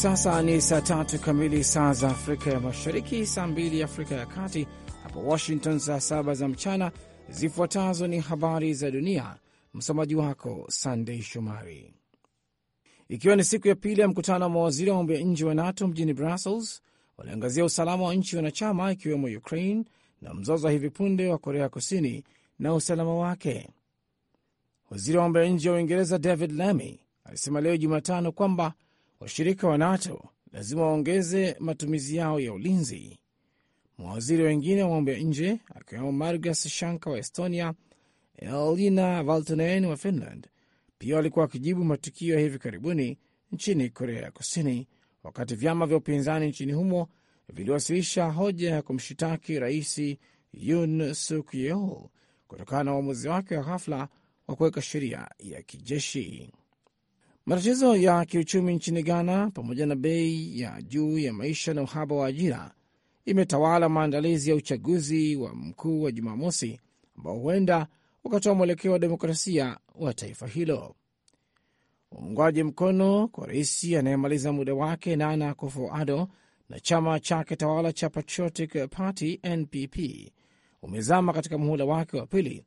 sasa ni saa tatu kamili saa za Afrika ya Mashariki, saa mbili Afrika ya Kati, hapa Washington saa saba za mchana. Zifuatazo ni habari za dunia, msomaji wako Sandei Shomari. Ikiwa ni siku ya pili ya mkutano wa mawaziri wa mambo ya nje wa NATO mjini Brussels, waliangazia usalama wa nchi wanachama ikiwemo Ukraine na mzozo wa hivi punde wa Korea Kusini na usalama wake. Waziri wa mambo ya nje wa Uingereza David Lammy alisema leo Jumatano kwamba washirika wa NATO lazima waongeze matumizi yao ya ulinzi. Mawaziri wengine wa mambo ya nje akiwemo Margus Shanka wa Estonia, Elina Valtonen wa Finland pia walikuwa wakijibu matukio ya hivi karibuni nchini Korea ya Kusini, wakati vyama vya upinzani nchini humo viliwasilisha hoja ya kumshitaki Rais Yoon Suk Yeol kutokana na uamuzi wake wa ghafla wa kuweka sheria ya kijeshi. Matatizo ya kiuchumi nchini Ghana pamoja na bei ya juu ya maisha na uhaba wa ajira imetawala maandalizi ya uchaguzi wa mkuu wa Jumamosi ambao huenda ukatoa mwelekeo wa demokrasia wa taifa hilo. Uungwaji mkono kwa rais anayemaliza muda wake Nana Akufo-Addo na chama chake tawala cha Patriotic Party NPP umezama katika muhula wake wa pili,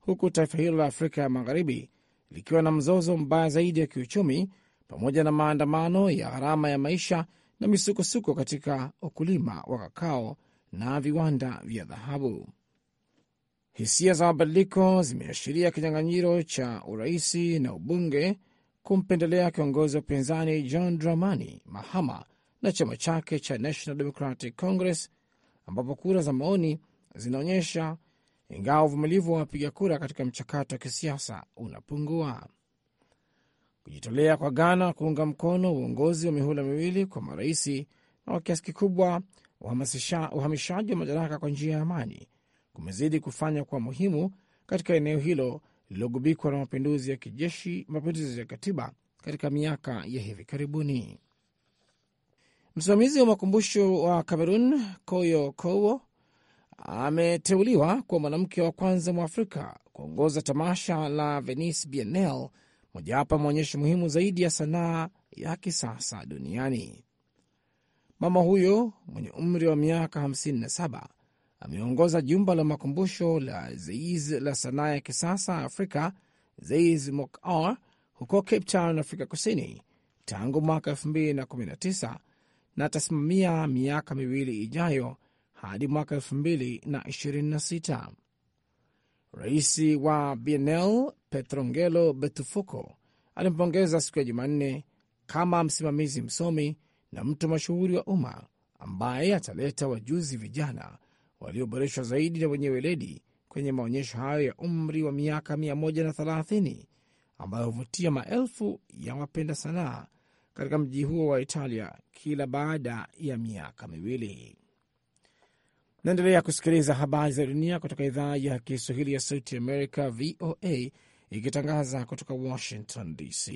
huku taifa hilo la Afrika ya Magharibi likiwa na mzozo mbaya zaidi wa kiuchumi pamoja na maandamano ya gharama ya maisha na misukosuko katika ukulima wa kakao na viwanda vya dhahabu. Hisia za mabadiliko zimeashiria kinyang'anyiro cha uraisi na ubunge kumpendelea kiongozi wa upinzani John Dramani Mahama na chama chake cha National Democratic Congress, ambapo kura za maoni zinaonyesha ingawa uvumilivu wa wapiga kura katika mchakato wa kisiasa unapungua. Kujitolea kwa Ghana kuunga mkono uongozi wa mihula miwili kwa maraisi na kwa kiasi kikubwa uhamishaji wa madaraka kwa njia ya amani kumezidi kufanya kwa muhimu katika eneo hilo lililogubikwa na mapinduzi ya kijeshi, mapinduzi ya katiba katika miaka ya hivi karibuni. Msimamizi wa makumbusho wa Kamerun Koyo Kowo ameteuliwa kuwa mwanamke wa kwanza mwa Afrika kuongoza tamasha la Venice Biennale, mojawapo ya maonyesho muhimu zaidi ya sanaa ya kisasa duniani. Mama huyo mwenye umri wa miaka 57 ameongoza jumba la makumbusho la Zeiz la sanaa ya kisasa Afrika, Zeiz Mokr, huko Cape Town, Afrika Kusini tangu mwaka 2019 na atasimamia miaka miwili ijayo hadi mwaka 2026. Rais wa Bienal Petrongelo Betufuko alimpongeza siku ya Jumanne kama msimamizi msomi na mtu mashuhuri wa umma ambaye ataleta wajuzi vijana walioboreshwa zaidi na wenye weledi kwenye maonyesho hayo ya umri wa miaka 130 ambayo huvutia maelfu ya wapenda sanaa katika mji huo wa Italia kila baada ya miaka miwili. Naendelea kusikiliza habari za dunia kutoka idhaa ya Kiswahili ya Sauti Amerika, VOA, ikitangaza kutoka Washington DC.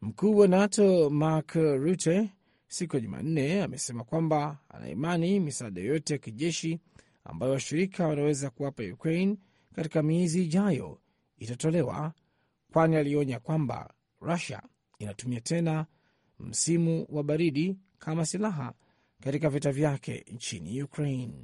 Mkuu wa NATO Mark Rutte siku ya Jumanne amesema kwamba anaimani misaada yoyote ya kijeshi ambayo washirika wanaweza kuwapa Ukraine katika miezi ijayo itatolewa, kwani alionya kwamba Rusia inatumia tena msimu wa baridi kama silaha katika vita vyake nchini Ukraine.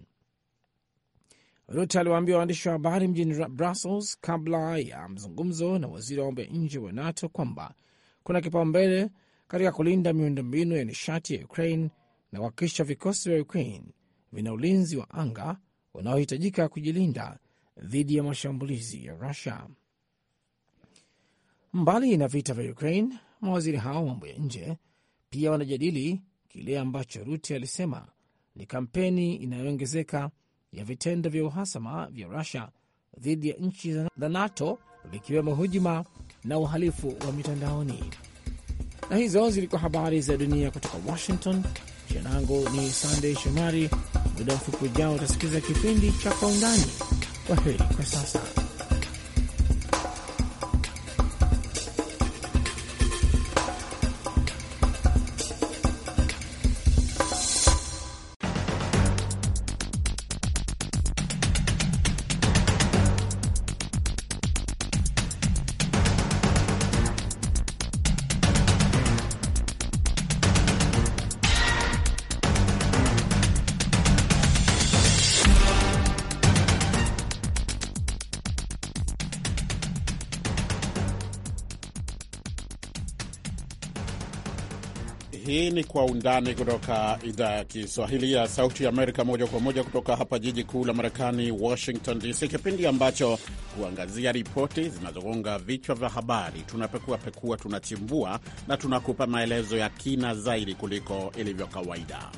Rutte aliwaambia waandishi wa habari mjini Brussels kabla ya mzungumzo na waziri wa mambo ya nje wa NATO kwamba kuna kipaumbele katika kulinda miundombinu ya nishati ya Ukraine na kuhakikisha vikosi vya Ukraine vina ulinzi wa anga unaohitajika kujilinda dhidi ya mashambulizi ya Rusia. Mbali na vita vya Ukraine, mawaziri hao mambo ya nje pia wanajadili kile ambacho Ruti alisema ni kampeni inayoongezeka ya vitendo vya uhasama vya Rusia dhidi ya nchi za NATO, vikiwemo hujuma na uhalifu wa mitandaoni. Na hizo zilikuwa habari za dunia kutoka Washington. Jina langu ni Sandey Shomari. Muda mfupi ujao utasikiliza kipindi cha Kwa Undani. Kwa heri kwa sasa. Undani kutoka idhaa ya Kiswahili ya Sauti ya Amerika, moja kwa moja kutoka hapa jiji kuu la Marekani, Washington DC, kipindi ambacho huangazia ripoti zinazogonga vichwa vya habari. Tunapekua pekua, tunachimbua na tunakupa maelezo ya kina zaidi kuliko ilivyo kawaida.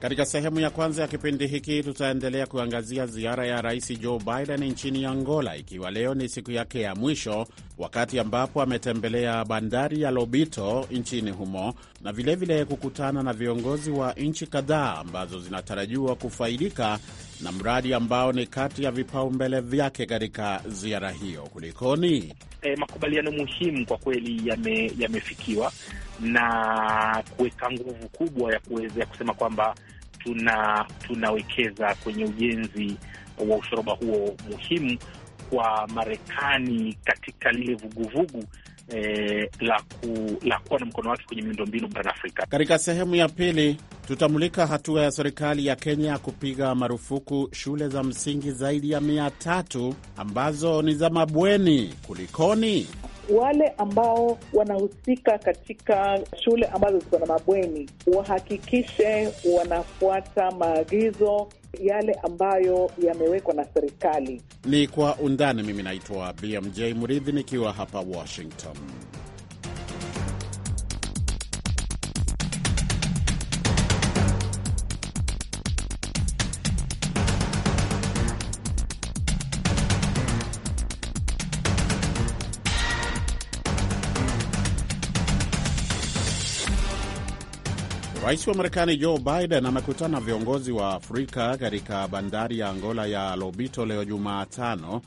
Katika sehemu ya kwanza ya kipindi hiki tutaendelea kuangazia ziara ya rais Joe Biden nchini Angola, ikiwa leo ni siku yake ya mwisho, wakati ambapo ametembelea bandari ya Lobito nchini humo na vilevile vile kukutana na viongozi wa nchi kadhaa ambazo zinatarajiwa kufaidika na mradi ambao ni kati ya vipaumbele vyake katika ziara hiyo. Kulikoni? E, makubaliano muhimu kwa kweli yamefikiwa yame na kuweka nguvu kubwa ya kuweza kusema kwamba tuna tunawekeza kwenye ujenzi wa ushoroba huo muhimu kwa Marekani katika lile vuguvugu vugu eh, la, ku, la kuwa na mkono wake kwenye miundombinu barani Afrika. Katika sehemu ya pili tutamulika hatua ya serikali ya Kenya kupiga marufuku shule za msingi zaidi ya mia tatu ambazo ni za mabweni. Kulikoni? wale ambao wanahusika katika shule ambazo ziko na mabweni wahakikishe wanafuata maagizo yale ambayo yamewekwa na serikali. Ni kwa undani. Mimi naitwa BMJ Murithi nikiwa hapa Washington. Rais wa Marekani Joe Biden amekutana viongozi wa Afrika katika bandari ya Angola ya Lobito leo Jumatano,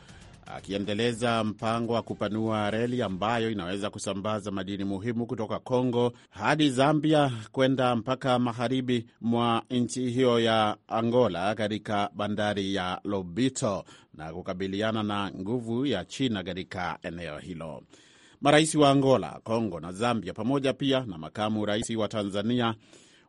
akiendeleza mpango wa kupanua reli ambayo inaweza kusambaza madini muhimu kutoka congo hadi Zambia kwenda mpaka magharibi mwa nchi hiyo ya Angola katika bandari ya Lobito na kukabiliana na nguvu ya China katika eneo hilo. Marais wa Angola, Kongo na Zambia pamoja pia na makamu rais wa Tanzania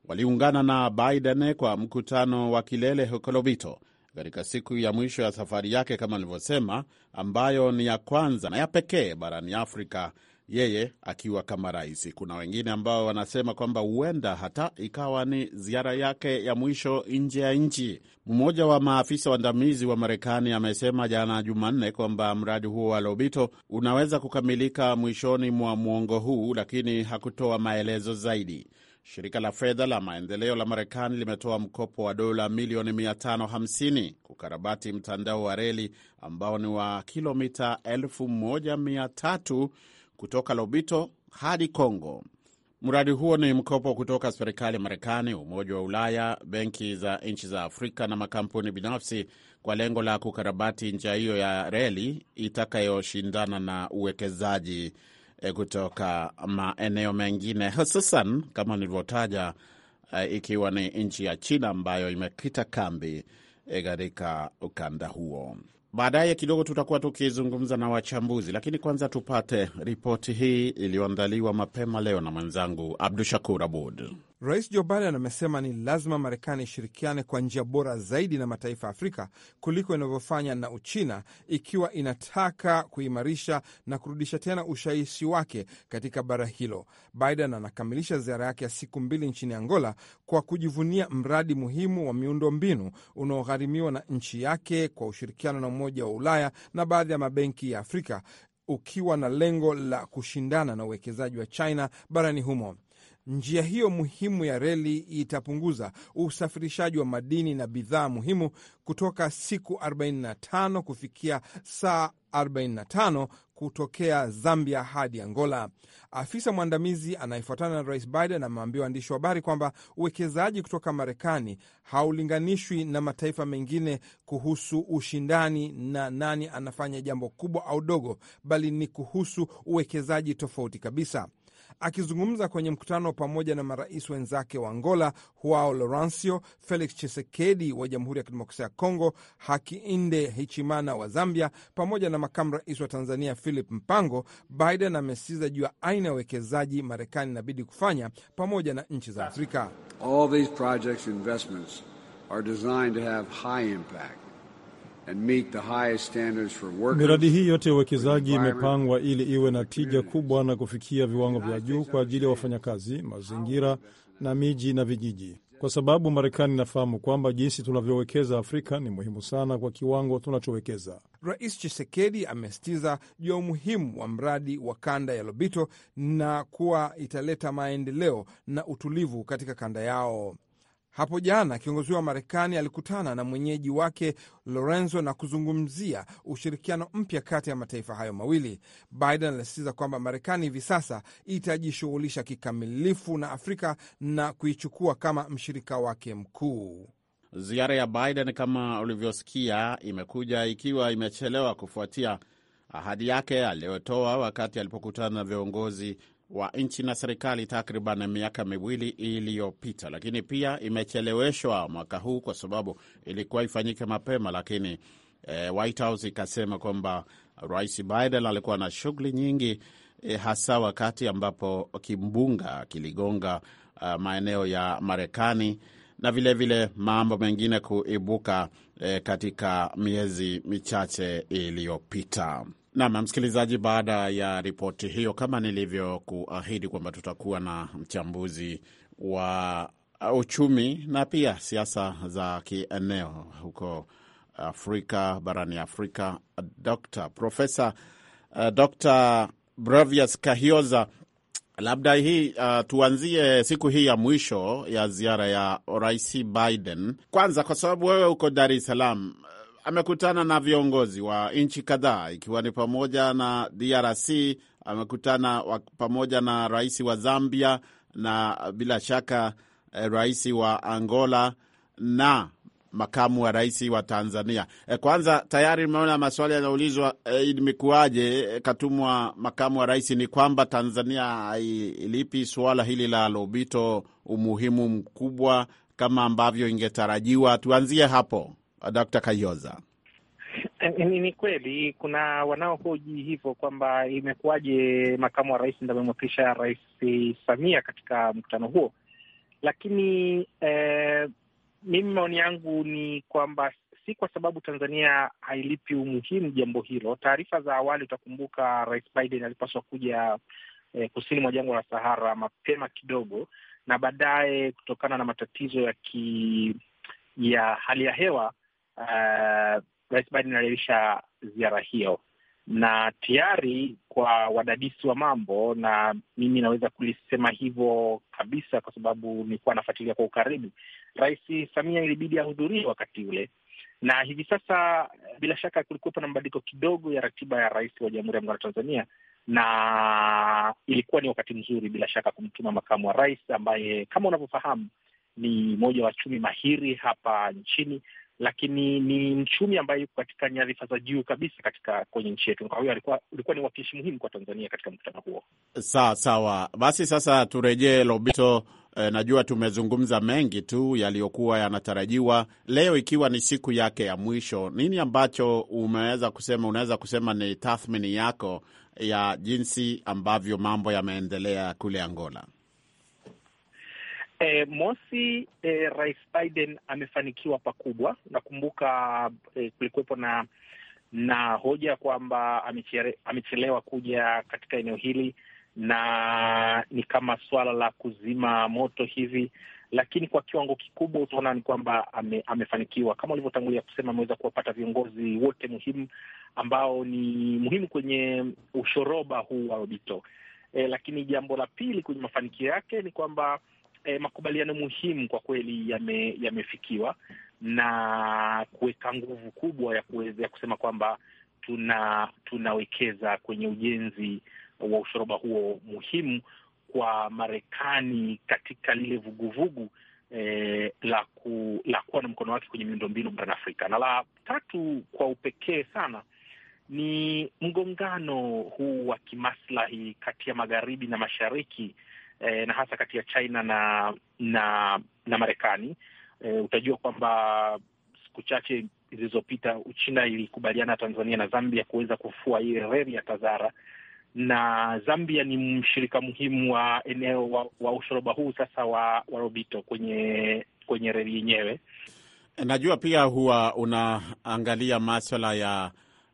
waliungana na Biden kwa mkutano wa kilele huko Lobito katika siku ya mwisho ya safari yake kama alivyosema, ambayo ni ya kwanza na ya pekee barani Afrika, yeye akiwa kama rais. Kuna wengine ambao wanasema kwamba huenda hata ikawa ni ziara yake ya mwisho nje ya nchi. Mmoja wa maafisa waandamizi wa Marekani amesema jana Jumanne kwamba mradi huo wa Lobito unaweza kukamilika mwishoni mwa mwongo huu, lakini hakutoa maelezo zaidi. Shirika la fedha la maendeleo la Marekani limetoa mkopo wa dola milioni 550 kukarabati mtandao wa reli ambao ni wa kilomita 1300 kutoka Lobito hadi congo Mradi huo ni mkopo kutoka serikali ya Marekani, Umoja wa Ulaya, benki za nchi za Afrika na makampuni binafsi kwa lengo la kukarabati njia hiyo ya reli itakayoshindana na uwekezaji Eh, kutoka maeneo mengine, hususan kama nilivyotaja, eh, ikiwa ni nchi ya China ambayo imekita kambi eh, katika ukanda huo. Baadaye kidogo tutakuwa tukizungumza na wachambuzi, lakini kwanza tupate ripoti hii iliyoandaliwa mapema leo na mwenzangu Abdu Shakur Abud. Rais Joe Biden amesema ni lazima Marekani ishirikiane kwa njia bora zaidi na mataifa ya Afrika kuliko inavyofanya na Uchina ikiwa inataka kuimarisha na kurudisha tena ushawishi wake katika bara hilo. Biden anakamilisha ziara yake ya siku mbili nchini Angola kwa kujivunia mradi muhimu wa miundo mbinu unaogharimiwa na nchi yake kwa ushirikiano na Umoja wa Ulaya na baadhi ya mabenki ya Afrika ukiwa na lengo la kushindana na uwekezaji wa China barani humo. Njia hiyo muhimu ya reli itapunguza usafirishaji wa madini na bidhaa muhimu kutoka siku 45 kufikia saa 45 kutokea Zambia hadi Angola. Afisa mwandamizi anayefuatana na Rais Biden ameambia waandishi wa habari kwamba uwekezaji kutoka Marekani haulinganishwi na mataifa mengine kuhusu ushindani na nani anafanya jambo kubwa au dogo, bali ni kuhusu uwekezaji tofauti kabisa. Akizungumza kwenye mkutano pamoja na marais wenzake wa Angola huao Lorancio, Felix chisekedi wa Jamhuri ya Kidemokrasia ya Kongo, hakiinde hichimana wa Zambia pamoja na makamu rais wa Tanzania Philip Mpango, Biden amesisitiza juu ya aina ya uwekezaji Marekani inabidi kufanya pamoja na nchi za Afrika. All these projects investments are designed to have high impact Miradi hii yote ya uwekezaji imepangwa ili iwe na tija kubwa na kufikia viwango vya juu kwa ajili ya wafanyakazi, mazingira na miji na vijiji, kwa sababu Marekani inafahamu kwamba jinsi tunavyowekeza Afrika ni muhimu sana kwa kiwango tunachowekeza. Rais Chisekedi amesitiza juu ya umuhimu wa mradi wa kanda ya Lobito na kuwa italeta maendeleo na utulivu katika kanda yao. Hapo jana kiongozi wa Marekani alikutana na mwenyeji wake Lorenzo na kuzungumzia ushirikiano mpya kati ya mataifa hayo mawili. Biden alisisitiza kwamba Marekani hivi sasa itajishughulisha kikamilifu na Afrika na kuichukua kama mshirika wake mkuu. Ziara ya Biden kama ulivyosikia, imekuja ikiwa imechelewa kufuatia ahadi yake aliyotoa wakati alipokutana na viongozi wa nchi na serikali takriban miaka miwili iliyopita, lakini pia imecheleweshwa mwaka huu kwa sababu ilikuwa ifanyike mapema, lakini e, White House ikasema kwamba Rais Biden alikuwa na shughuli nyingi e, hasa wakati ambapo kimbunga kiligonga uh, maeneo ya Marekani na vilevile vile mambo mengine kuibuka e, katika miezi michache iliyopita. Nam msikilizaji, baada ya ripoti hiyo, kama nilivyokuahidi kwamba tutakuwa na mchambuzi wa uchumi na pia siasa za kieneo huko Afrika, barani Afrika, Dr. Profesa eh, Dr. Bravias Kahioza, labda hii uh, tuanzie siku hii ya mwisho ya ziara ya Rais Biden kwanza, kwa sababu wewe uko Dar es Salaam amekutana na viongozi wa nchi kadhaa ikiwa ni pamoja na DRC, amekutana pamoja na rais wa Zambia na bila shaka eh, rais wa Angola na makamu wa rais wa Tanzania. Eh, kwanza tayari nimeona maswali yanaulizwa, eh, imekuwaje katumwa makamu wa rais? Ni kwamba Tanzania hailipi suala hili la Lobito umuhimu mkubwa kama ambavyo ingetarajiwa. Tuanzie hapo. Uh, d Kayoza? Eh, ni, ni kweli kuna wanaohoji hivyo kwamba imekuwaje makamu wa rais ndo amemwakilisha Rais Samia katika mkutano huo, lakini eh, mimi maoni yangu ni kwamba si kwa sababu Tanzania hailipi umuhimu jambo hilo. Taarifa za awali, utakumbuka Rais Biden alipaswa kuja eh, kusini mwa jangwa la Sahara mapema kidogo, na baadaye kutokana na matatizo ya ki, ya hali ya hewa uh, Rais Biden alirisha ziara hiyo, na tayari kwa wadadisi wa mambo, na mimi naweza kulisema hivyo kabisa kwa sababu nilikuwa nafuatilia kwa ukaribu, Rais Samia ilibidi ahudhurie wakati ule na hivi sasa bila shaka kulikuwepo na mabadiliko kidogo ya ratiba ya rais wa Jamhuri ya Muungano wa Tanzania, na ilikuwa ni wakati mzuri bila shaka kumtuma makamu wa rais ambaye kama unavyofahamu ni mmoja wa chumi mahiri hapa nchini, lakini ni mchumi ambaye yuko katika nyadhifa za juu kabisa katika kwenye nchi yetu. Kwa hiyo alikuwa ulikuwa ni wakilishi muhimu kwa Tanzania katika mkutano huo. Sawa sawa, basi sasa turejee Lobito. Eh, najua tumezungumza mengi tu yaliyokuwa yanatarajiwa leo, ikiwa ni siku yake ya mwisho. Nini ambacho umeweza kusema, unaweza kusema ni tathmini yako ya jinsi ambavyo mambo yameendelea kule Angola? E, mosi e, Rais Biden amefanikiwa pakubwa. Nakumbuka e, kulikuwepo na na hoja kwamba amechelewa kuja katika eneo hili na ni kama swala la kuzima moto hivi, lakini kwa kiwango kikubwa utaona ni kwamba ame, amefanikiwa. Kama ulivyotangulia kusema, ameweza kuwapata viongozi wote muhimu ambao ni muhimu kwenye ushoroba huu wa Obito. E, lakini jambo la pili kwenye mafanikio yake ni kwamba eh, makubaliano muhimu kwa kweli yamefikiwa yame na kuweka nguvu kubwa ya kuweza kusema kwamba tuna tunawekeza kwenye ujenzi wa ushoroba huo muhimu kwa Marekani katika lile vuguvugu eh, la, ku, la kuwa na mkono wake kwenye miundombinu barani Afrika. Na la tatu kwa upekee sana ni mgongano huu wa kimaslahi kati ya magharibi na mashariki e, na hasa kati ya China na na na Marekani. E, utajua kwamba siku chache zilizopita Uchina ilikubaliana Tanzania na Zambia kuweza kufua ile reli ya Tazara na Zambia ni mshirika muhimu wa eneo wa, wa ushoroba huu sasa wa, wa Robito kwenye kwenye reli yenyewe. Najua pia huwa unaangalia maswala ya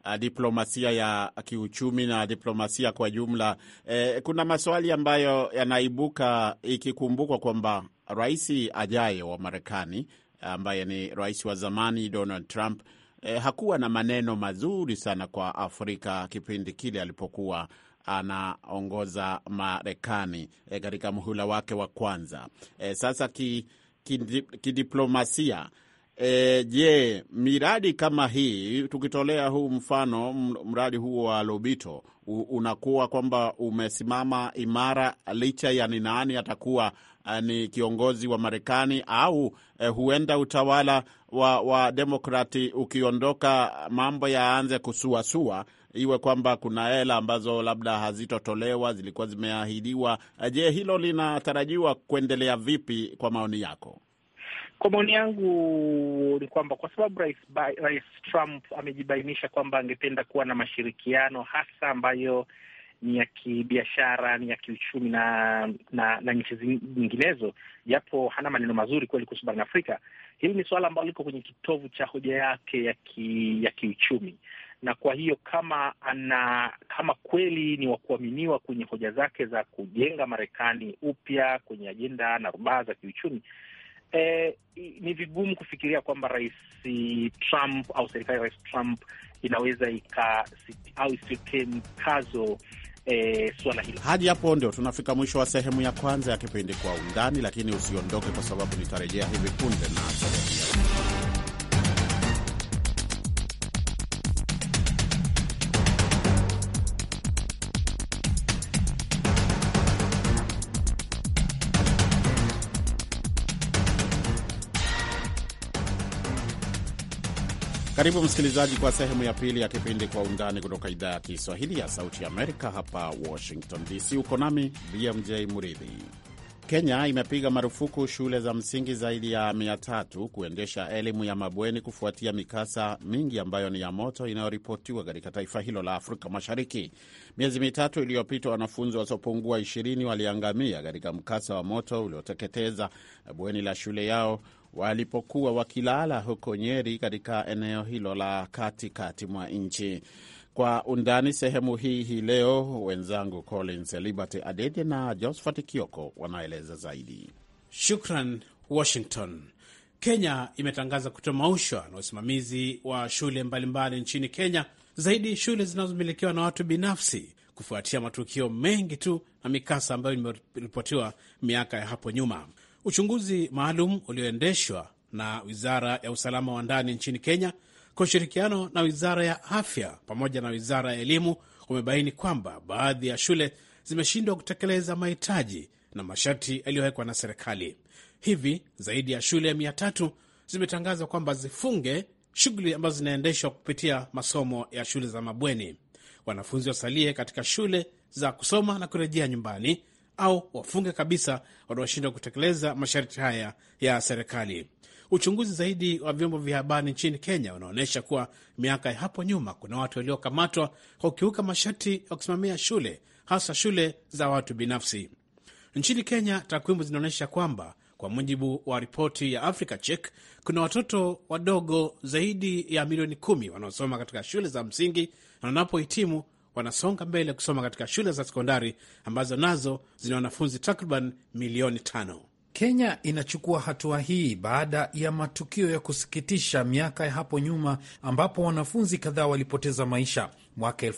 Uh, diplomasia ya kiuchumi na diplomasia kwa jumla. E, kuna maswali ambayo yanaibuka ikikumbukwa kwamba rais ajaye wa Marekani ambaye ni rais wa zamani Donald Trump e, hakuwa na maneno mazuri sana kwa Afrika kipindi kile alipokuwa anaongoza Marekani eh, katika e, muhula wake wa kwanza. E, sasa ki kidiplomasia E, je, miradi kama hii tukitolea huu mfano mradi huo wa Lobito unakuwa kwamba umesimama imara licha ya ni nani atakuwa e, ni kiongozi wa Marekani au e, huenda utawala wa, wa demokrati ukiondoka, mambo yaanze kusuasua, iwe kwamba kuna hela ambazo labda hazitotolewa zilikuwa zimeahidiwa. E, je, hilo linatarajiwa kuendelea vipi kwa maoni yako? Kwa maoni yangu ni kwamba kwa sababu rais, rais Trump amejibainisha kwamba angependa kuwa na mashirikiano hasa ambayo ni ya kibiashara, ni ya kiuchumi na na, na nchi nyinginezo, japo hana maneno mazuri kweli kuhusu barani Afrika. Hili ni suala ambalo liko kwenye kitovu cha hoja yake ya ki, ya kiuchumi, na kwa hiyo kama ana kama kweli ni wa kuaminiwa kwenye hoja zake za kujenga Marekani upya kwenye ajenda na rubaa za kiuchumi, eh, ni vigumu kufikiria kwamba rais Trump au serikali ya rais Trump inaweza ika au isiwekee mkazo eh, suala hilo. Hadi hapo ndio tunafika mwisho wa sehemu ya kwanza ya kipindi Kwa Undani, lakini usiondoke, kwa sababu nitarejea hivi punde na Karibu msikilizaji kwa sehemu ya pili ya kipindi Kwa Undani kutoka idhaa ya Kiswahili ya Sauti ya Amerika hapa Washington DC. Uko nami BMJ Muridhi. Kenya imepiga marufuku shule za msingi zaidi ya mia tatu kuendesha elimu ya mabweni kufuatia mikasa mingi ambayo ni ya moto inayoripotiwa katika taifa hilo la Afrika Mashariki. Miezi mitatu iliyopita, wanafunzi wasiopungua ishirini waliangamia katika mkasa wa moto ulioteketeza bweni la shule yao walipokuwa wakilala huko Nyeri, katika eneo hilo la katikati mwa nchi. Kwa undani sehemu hii hii leo, wenzangu Collins Liberty Adede na Josphat Kioko wanaeleza zaidi. Shukran Washington. Kenya imetangaza kutomaushwa na usimamizi wa shule mbalimbali mbali nchini Kenya, zaidi shule zinazomilikiwa na watu binafsi, kufuatia matukio mengi tu na mikasa ambayo imeripotiwa miaka ya hapo nyuma. Uchunguzi maalum ulioendeshwa na Wizara ya Usalama wa Ndani nchini Kenya kwa ushirikiano na Wizara ya Afya pamoja na Wizara ya Elimu umebaini kwamba baadhi ya shule zimeshindwa kutekeleza mahitaji na masharti yaliyowekwa na serikali. Hivi zaidi ya shule mia tatu zimetangazwa kwamba zifunge shughuli ambazo zinaendeshwa kupitia masomo ya shule za mabweni, wanafunzi wasalie katika shule za kusoma na kurejea nyumbani au wafunge kabisa wanaoshindwa kutekeleza masharti haya ya serikali. Uchunguzi zaidi wa vyombo vya habari nchini Kenya unaonyesha kuwa miaka ya hapo nyuma kuna watu waliokamatwa kwa kukiuka masharti ya kusimamia shule, hasa shule za watu binafsi nchini Kenya. Takwimu zinaonyesha kwamba kwa mujibu wa ripoti ya Africa Check kuna watoto wadogo zaidi ya milioni kumi wanaosoma katika shule za msingi na wanapohitimu wanasonga mbele kusoma katika shule za sekondari ambazo nazo zina wanafunzi takriban milioni tano. Kenya inachukua hatua hii baada ya matukio ya kusikitisha miaka ya hapo nyuma ambapo wanafunzi kadhaa walipoteza maisha mwaka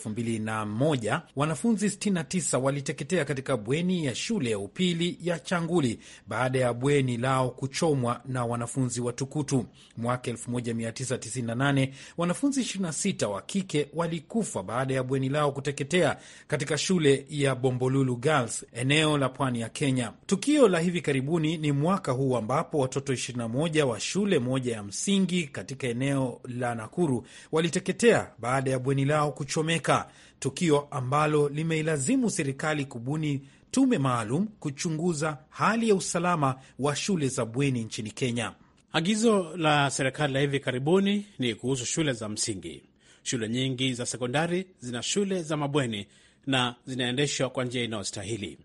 moja wanafunzi 69 waliteketea katika bweni ya shule ya upili ya Changuli baada ya bweni lao kuchomwa na wanafunzi wa Tukutu. Mwaka 1998 wanafunzi 26 wa kike walikufa baada ya bweni lao kuteketea katika shule ya Bombolulu Girls, eneo la pwani ya Kenya. Tukio la hivi karibuni ni mwaka huu ambapo watoto 21 wa shule moja ya msingi katika eneo la Nakuru waliteketea baada ya bweni lao kuchomeka, tukio ambalo limeilazimu serikali kubuni tume maalum kuchunguza hali ya usalama wa shule za bweni nchini Kenya. Agizo la serikali la hivi karibuni ni kuhusu shule za msingi. Shule nyingi za sekondari zina shule za mabweni na zinaendeshwa kwa njia inayostahili,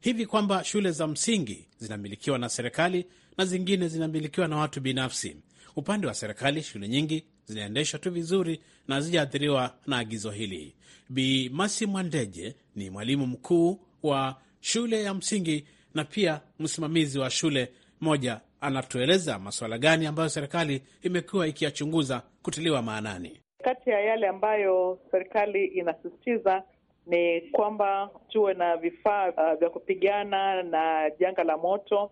hivi kwamba shule za msingi zinamilikiwa na serikali na zingine zinamilikiwa na watu binafsi. Upande wa serikali, shule nyingi zinaendeshwa tu vizuri na hazijaathiriwa na agizo hili. Bi Masi Mwandeje ni mwalimu mkuu wa shule ya msingi na pia msimamizi wa shule moja. Anatueleza masuala gani ambayo serikali imekuwa ikiyachunguza kutiliwa maanani. Kati ya yale ambayo serikali inasisitiza ni kwamba tuwe na vifaa uh, vya kupigana na janga la moto.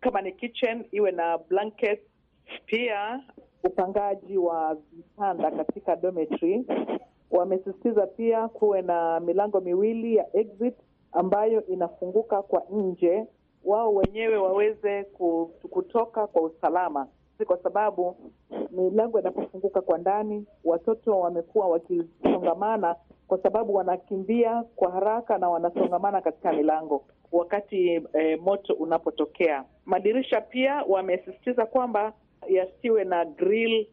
Kama ni kitchen iwe na blanket. Pia upangaji wa vitanda katika dormitory. Wamesisitiza pia kuwe na milango miwili ya exit ambayo inafunguka kwa nje, wao wenyewe waweze kutoka kwa usalama, kwa sababu milango inapofunguka kwa ndani, watoto wamekuwa wakisongamana kwa sababu wanakimbia kwa haraka na wanasongamana katika milango wakati e, moto unapotokea. Madirisha pia wamesisitiza kwamba yasiwe na grill,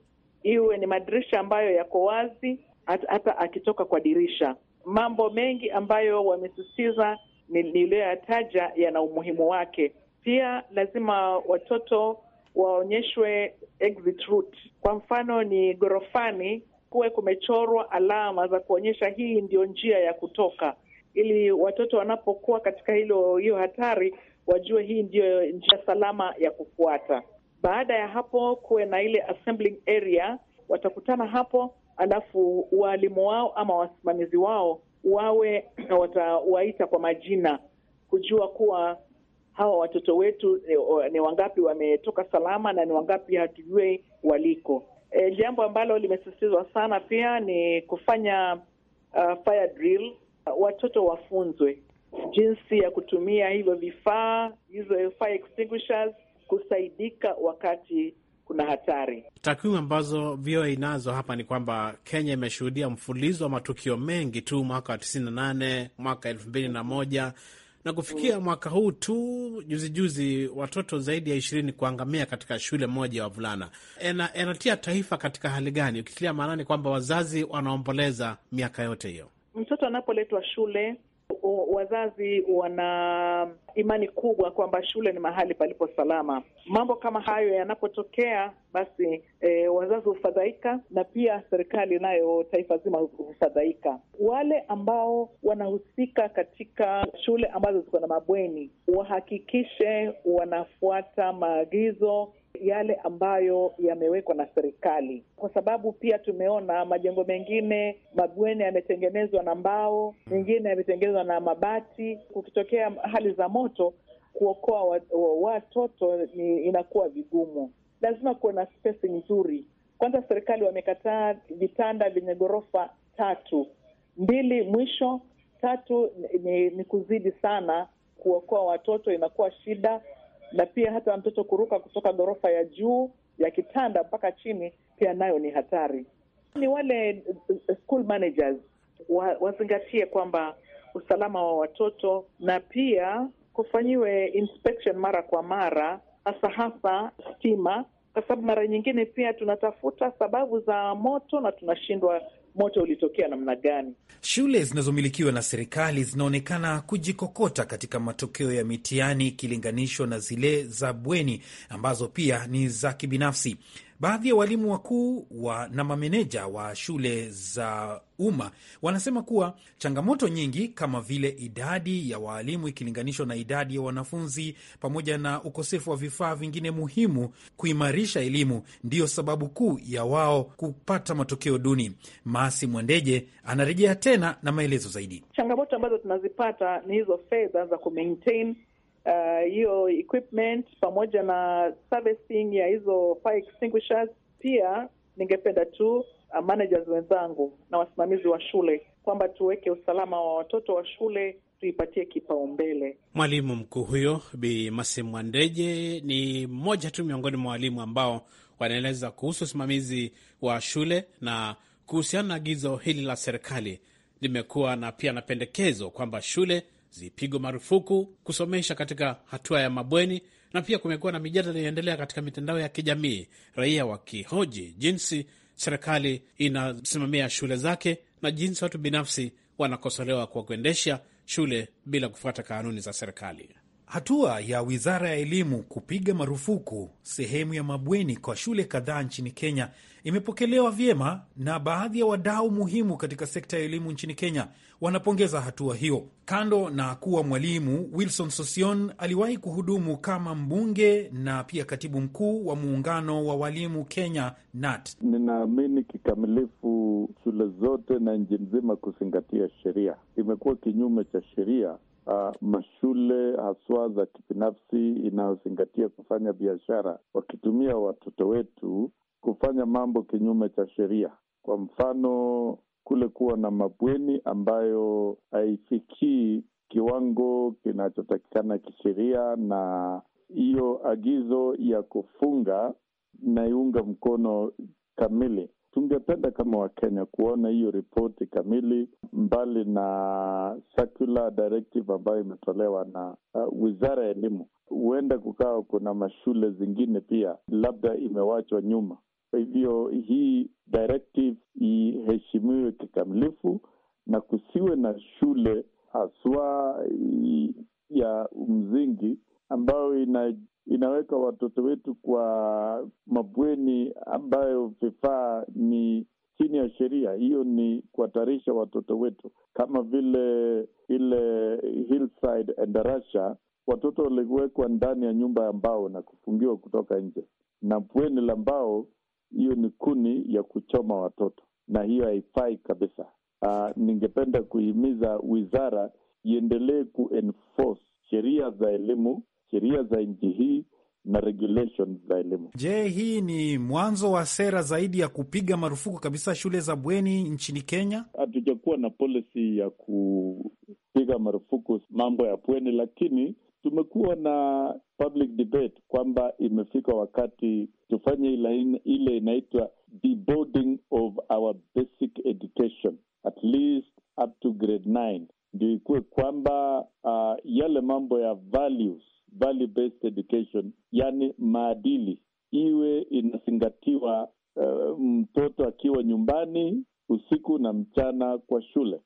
iwe ni madirisha ambayo yako wazi, hata akitoka kwa dirisha. Mambo mengi ambayo wamesisitiza niliyoyataja yana umuhimu wake. Pia lazima watoto waonyeshwe exit route. Kwa mfano ni ghorofani, kuwe kumechorwa alama za kuonyesha hii ndio njia ya kutoka, ili watoto wanapokuwa katika hilo hiyo hatari wajue hii ndiyo njia salama ya kufuata. Baada ya hapo kuwe na ile assembling area, watakutana hapo, alafu waalimu wao ama wasimamizi wao wawe watawaita kwa majina kujua kuwa hawa watoto wetu eh, ni wangapi wametoka salama na ni wangapi hatujue waliko. E, jambo ambalo limesisitizwa sana pia ni kufanya uh, fire drill. Uh, watoto wafunzwe jinsi ya kutumia hivyo vifaa, hizo fire extinguishers kusaidika wakati kuna hatari. Takwimu ambazo VOA inazo hapa ni kwamba Kenya imeshuhudia mfululizo wa matukio mengi tu mwaka wa 98 mwaka 21 na kufikia mm. mwaka huu tu juzijuzi juzi, watoto zaidi ya ishirini kuangamia katika shule moja ya wavulana. ena, taifa katika hali gani, ukitilia maanani kwamba wazazi wanaomboleza miaka yote hiyo? Mtoto anapoletwa shule Wazazi wana imani kubwa kwamba shule ni mahali palipo salama. Mambo kama hayo yanapotokea, basi e, wazazi hufadhaika na pia serikali nayo, taifa zima hufadhaika. Wale ambao wanahusika katika shule ambazo ziko na mabweni wahakikishe wanafuata maagizo yale ambayo yamewekwa na serikali, kwa sababu pia tumeona majengo mengine mabweni yametengenezwa na mbao, mengine yametengenezwa na mabati. Kukitokea hali za moto, kuokoa watoto ni inakuwa vigumu. Lazima kuwe na spesi nzuri. Kwanza serikali wamekataa vitanda vyenye ghorofa tatu, mbili mwisho, tatu ni, ni kuzidi sana. Kuokoa watoto inakuwa shida na pia hata mtoto kuruka kutoka ghorofa ya juu ya kitanda mpaka chini pia nayo ni hatari. Ni wale uh, uh, school managers wa, wazingatie kwamba usalama wa watoto na pia kufanyiwe inspection mara kwa mara, hasa hasa stima, kwa sababu mara nyingine pia tunatafuta sababu za moto na tunashindwa moto ulitokea namna gani. Shule zinazomilikiwa na serikali zinaonekana kujikokota katika matokeo ya mitihani ikilinganishwa na zile za bweni ambazo pia ni za kibinafsi. Baadhi ya walimu wakuu wa na mameneja wa shule za umma wanasema kuwa changamoto nyingi kama vile idadi ya waalimu ikilinganishwa na idadi ya wanafunzi pamoja na ukosefu wa vifaa vingine muhimu kuimarisha elimu ndiyo sababu kuu ya wao kupata matokeo duni. Maasi mwandeje anarejea tena na maelezo zaidi. Changamoto ambazo tunazipata ni hizo fedha za kumaintain Uh, hiyo uh, equipment pamoja na servicing ya hizo fire extinguishers. Pia ningependa tu uh, managers wenzangu na wasimamizi wa shule kwamba tuweke usalama wa watoto wa shule tuipatie kipaumbele. Mwalimu mkuu huyo Bi Masim Wandeje ni mmoja tu miongoni mwa walimu ambao wanaeleza kuhusu usimamizi wa shule na kuhusiana na agizo hili la serikali limekuwa na pia na pendekezo kwamba shule zipigwe marufuku kusomesha katika hatua ya mabweni, na pia kumekuwa na mijadala inaendelea katika mitandao ya kijamii, raia wakihoji jinsi serikali inasimamia shule zake na jinsi watu binafsi wanakosolewa kwa kuendesha shule bila kufuata kanuni za serikali. Hatua ya wizara ya elimu kupiga marufuku sehemu ya mabweni kwa shule kadhaa nchini Kenya imepokelewa vyema na baadhi ya wadau muhimu katika sekta ya elimu nchini Kenya wanapongeza hatua hiyo. Kando na kuwa mwalimu, Wilson Sosion aliwahi kuhudumu kama mbunge na pia katibu mkuu wa muungano wa walimu Kenya, NAT. Ninaamini kikamilifu shule zote na nchi nzima kuzingatia sheria. Imekuwa kinyume cha sheria uh, mashule haswa za kibinafsi inayozingatia kufanya biashara, wakitumia watoto wetu kufanya mambo kinyume cha sheria. Kwa mfano, kule kuwa na mabweni ambayo haifikii kiwango kinachotakikana kisheria, na hiyo agizo ya kufunga naiunga mkono kamili Tungependa kama Wakenya kuona hiyo ripoti kamili, mbali na circular directive ambayo imetolewa na uh, wizara ya elimu. Huenda kukawa kuna mashule zingine pia labda imewachwa nyuma. Kwa hivyo hii directive iheshimiwe kikamilifu na kusiwe na shule haswa ya msingi ambayo ina inaweka watoto wetu kwa mabweni ambayo vifaa ni chini ya sheria. Hiyo ni kuhatarisha watoto wetu, kama vile ile Hillside watoto waliwekwa ndani ya nyumba ya mbao na kufungiwa kutoka nje, na bweni la mbao. Hiyo ni kuni ya kuchoma watoto, na hiyo haifai kabisa. Uh, ningependa kuhimiza wizara iendelee kuenforce sheria za elimu sheria za nchi hii na regulations za elimu. Je, hii ni mwanzo wa sera zaidi ya kupiga marufuku kabisa shule za bweni nchini Kenya? Hatujakuwa na policy ya kupiga marufuku mambo ya bweni, lakini tumekuwa na public debate kwamba imefika wakati tufanye ile inaitwa deboarding of our basic education at least up to grade 9 ndio ikuwe kwamba uh, yale mambo ya values value based education, yani maadili iwe inazingatiwa, uh, mtoto akiwa nyumbani usiku na mchana kwa shule.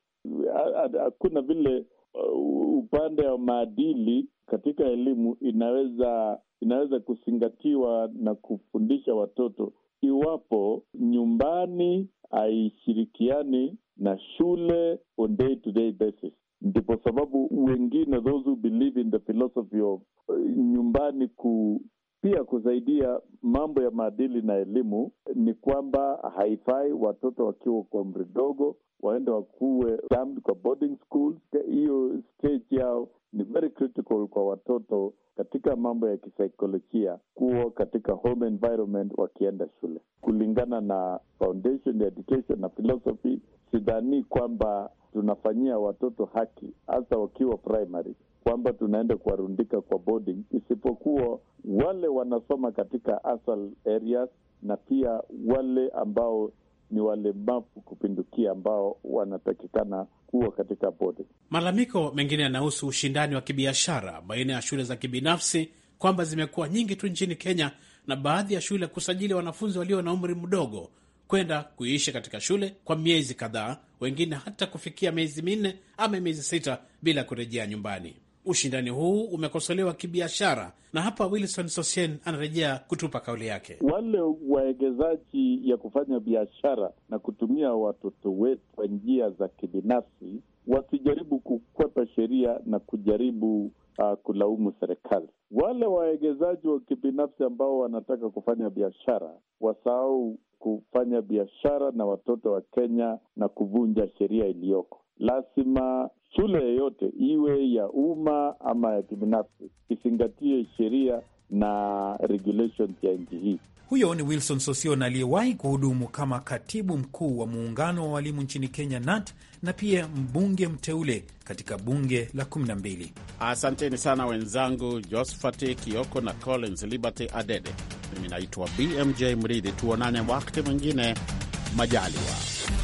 Hakuna vile uh, upande wa maadili katika elimu inaweza inaweza kuzingatiwa na kufundisha watoto iwapo nyumbani haishirikiani na shule on day to day basis. Ndipo sababu wengine, those who believe in the philosophy of eh, nyumbani ku pia kusaidia mambo ya maadili na elimu, ni kwamba haifai watoto wakiwa kwa mri dogo waende wakuwe kwa boarding schools. Hiyo stage yao ni very critical kwa watoto katika mambo ya kisaikolojia kuwa katika home environment wakienda shule. Kulingana na foundation ya education na philosophy, sidhani kwamba tunafanyia watoto haki hasa wakiwa primary kwamba tunaenda kuwarundika kwa boarding, isipokuwa wale wanasoma katika asal areas na pia wale ambao ni walemavu kupindukia ambao wanatakikana kuwa katika bodi. Malalamiko mengine yanahusu ushindani wa kibiashara baina ya shule za kibinafsi kwamba zimekuwa nyingi tu nchini Kenya na baadhi ya shule kusajili wanafunzi walio na umri mdogo kwenda kuishi katika shule kwa miezi kadhaa, wengine hata kufikia miezi minne ama miezi sita bila kurejea nyumbani. Ushindani huu umekosolewa kibiashara, na hapa Wilson Sosien anarejea kutupa kauli yake. Wale wawekezaji ya kufanya biashara na kutumia watoto wetu kwa njia za kibinafsi wasijaribu kukwepa sheria na kujaribu uh, kulaumu serikali. Wale wawekezaji wa kibinafsi ambao wanataka kufanya biashara wasahau kufanya biashara na watoto wa Kenya na kuvunja sheria iliyoko. Lazima shule yoyote iwe ya umma ama ya kibinafsi isingatie sheria na regulations ya nchi hii. Huyo ni Wilson Sosion aliyewahi kuhudumu kama katibu mkuu wa muungano wa walimu nchini Kenya, NAT, na pia mbunge mteule katika bunge la 12. Asanteni sana wenzangu Josphat Kioko na Collins Liberty Adede. Mimi naitwa BMJ Mridhi, tuonane wakati mwingine, majaliwa.